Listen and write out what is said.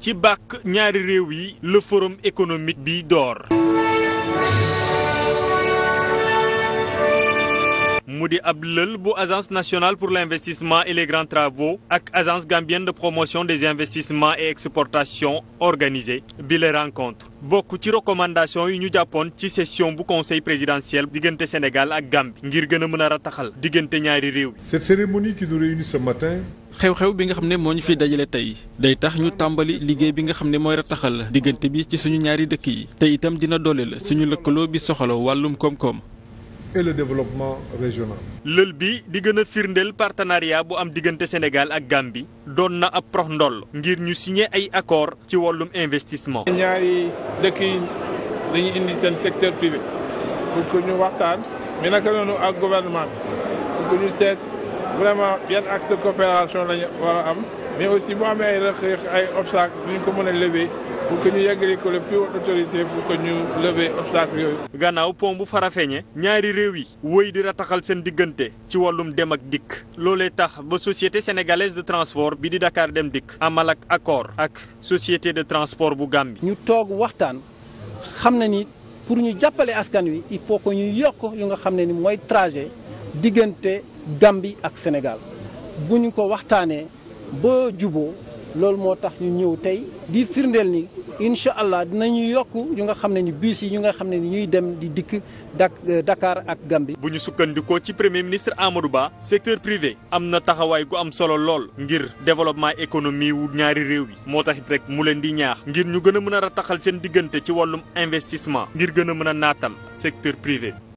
ci bàkk ñaari réew yi le forum économique bi door mu di ab lël bu agence nationale pour l'investissement et les grands travaux ak agence gambienne de promotion des investissements et exportations organisée bi la rencontre bokk ci recommandation yi ñu jàppoon ci session bu conseil présidentiel diggante Sénégal ak Gambie ngir gën a mën a rataxal diggante ñaari réew. Cette cérémonie qui nous réunit ce matin xew-xew bi nga xam ne moo ñu fi dajale tey day tax ñu tàmbali liggéey bi nga xam ne mooy rataxal diggante bi ci suñu ñaari dëkk yi te itam dina dooleel suñu lëkkaloo bi soxla wàllum koom-koom. développement régional. lël bi di gën a firndeel partenariat bu am diggante Sénégal ak bi doon na ab prox ndoll ngir ñu siñe ay accord ci wàllum investissement. ñaari dëkk yi dañuy indi seen secteur privé pour que ñu waxtaan mais naka noonu ak gouvernement bi pour ñu seet. vraiment yan axe de a am mais aussi bu amee ay rëq ko mën a lever pour que ñu yeggali ko le plus haute ñaari réew yi wëy di rataxal seen diggante ci wàllum dem ak dikk loolee tax ba société sénégalaise de transport bi di Dakar dem dikk amal ak accord société de transport bu Gambie. ñu toog waxtaan xam na ni pour ñu jàppale askan wi il faut que ñu yokk yu nga xam ne ni mooy trajet diggante. Gambie ak Sénégal bu ñu ko waxtaanee ba juboo loolu moo tax ñu ñëw tey di firndeel ni incha allah dinañu yokk ñu nga xam ne ni bus yi ñu nga xam ne ni ñuy dem di dikk dak euh, Dakar ak Gambie. bu ñu sukkandikoo ci premier ministre Amadou Ba secteur privé am na taxawaay gu am solo lool ngir développement économie wu ñaari réew yi moo tax it mu leen di ñaax ngir ñu gën a mën a rataxal seen diggante ci wàllum investissement ngir gën a mën a naatal secteur privé.